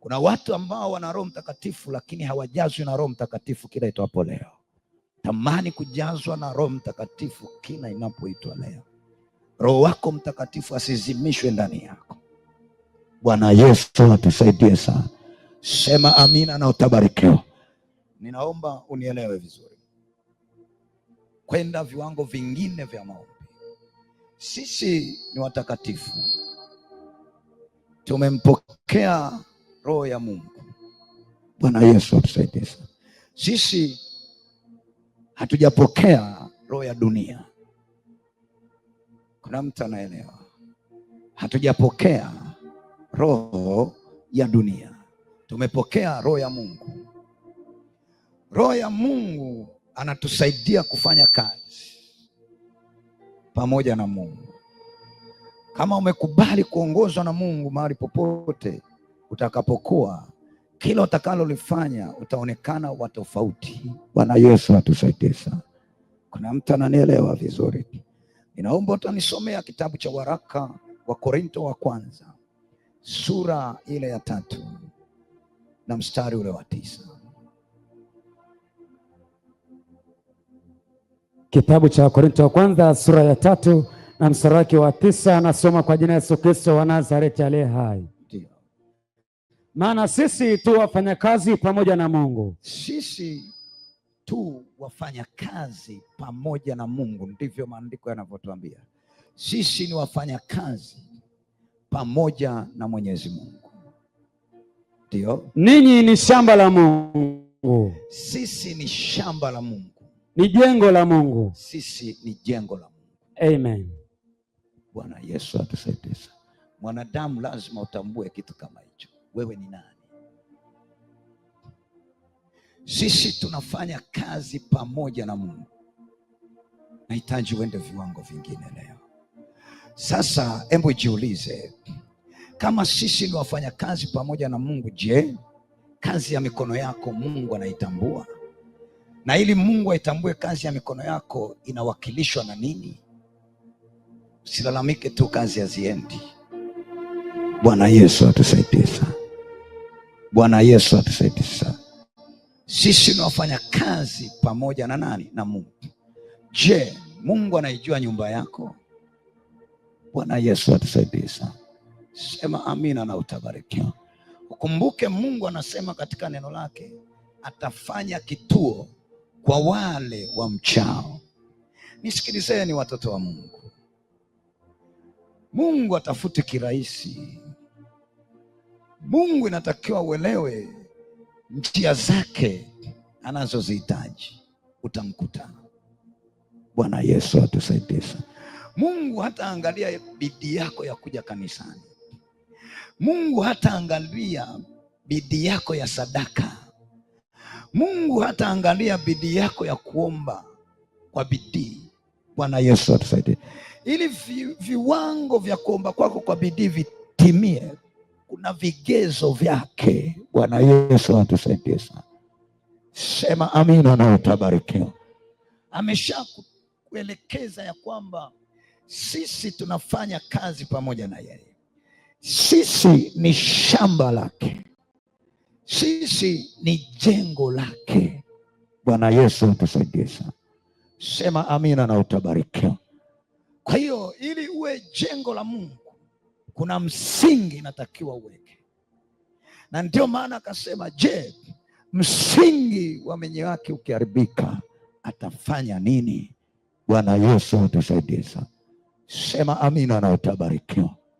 Kuna watu ambao wana Roho Mtakatifu lakini hawajazwi na Roho Mtakatifu kila itwapo leo. Tamani kujazwa na Roho Mtakatifu kila inapoitwa leo. Roho wako Mtakatifu asizimishwe ndani yako. Bwana Yesu atusaidie sana. Sema amina na utabarikiwa. Ninaomba unielewe vizuri, kwenda viwango vingine vya maombi. Sisi ni watakatifu, tumempokea roho ya Mungu. Bwana Yesu atusaidie sana. Sisi hatujapokea roho ya dunia. Kuna mtu anaelewa? Hatujapokea roho ya dunia, tumepokea roho ya Mungu. Roho ya Mungu anatusaidia kufanya kazi pamoja na Mungu. Kama umekubali kuongozwa na Mungu mahali popote, utakapokuwa, kila utakalolifanya utaonekana wa tofauti. Bwana Yesu atusaidie sana. Kuna mtu ananielewa vizuri? Ninaomba utanisomea kitabu cha waraka wa Korinto wa kwanza sura ile ya tatu na mstari ule wa tisa. Kitabu cha Korinto wa kwanza sura ya tatu na mstari wake wa tisa. anasoma kwa jina Yesu Kristo wa Nazareti aliye hai. Maana sisi tu kazi pamoja na Mungu. Sisi tu wafanyakazi pamoja na Mungu, ndivyo maandiko yanavyotuambia. Sisi ni wafanyakazi pamoja na Mwenyezi Mungu, ndio. Ninyi ni shamba la Mungu. Sisi ni shamba la Mungu, ni jengo la Mungu. Sisi ni jengo la Mungu. Amen. Bwana Yesu atusaidie. Mwanadamu lazima utambue kitu kama hicho wewe ni nani? Sisi tunafanya kazi pamoja na Mungu. Nahitaji uende viwango vingine leo. Sasa hebu jiulize, kama sisi ndio wafanya kazi pamoja na Mungu, je, kazi ya mikono yako Mungu anaitambua? Na ili Mungu aitambue kazi ya mikono yako inawakilishwa na nini? Usilalamike tu kazi haziendi. Bwana Yesu atusaidie sana. Bwana Yesu atusaidie sana. Sisi wafanya kazi pamoja na nani? Na Mungu. Je, Mungu anaijua nyumba yako? Bwana Yesu atusaidie sana. Sema amina na utabarikiwa. Ukumbuke Mungu anasema katika neno lake atafanya kituo kwa wale wa mchao. Nisikilizeni watoto wa Mungu, Mungu atafute kirahisi Mungu inatakiwa uelewe njia zake anazozihitaji utamkuta. Bwana Yesu atusaidie sana. Mungu hataangalia bidii yako ya kuja kanisani. Mungu hataangalia bidii yako ya sadaka. Mungu hataangalia bidii yako ya kuomba kwa bidii. Bwana Yesu atusaidie, ili vi, viwango vya kuomba kwako kwa bidii vitimie kuna vigezo vyake. Bwana Yesu atusaidie sana. Sema amina na utabarikiwa. Amesha kuelekeza ya kwamba sisi tunafanya kazi pamoja na yeye, sisi ni shamba lake, sisi ni jengo lake. Bwana Yesu atusaidie sana. Sema amina na utabarikiwa. Kwa hiyo ili uwe jengo la Mungu kuna msingi inatakiwa uweke, na ndio maana akasema, je, msingi wa mwenye wake ukiharibika atafanya nini? Bwana Yesu atusaidie sana. Sema amina na utabarikiwa.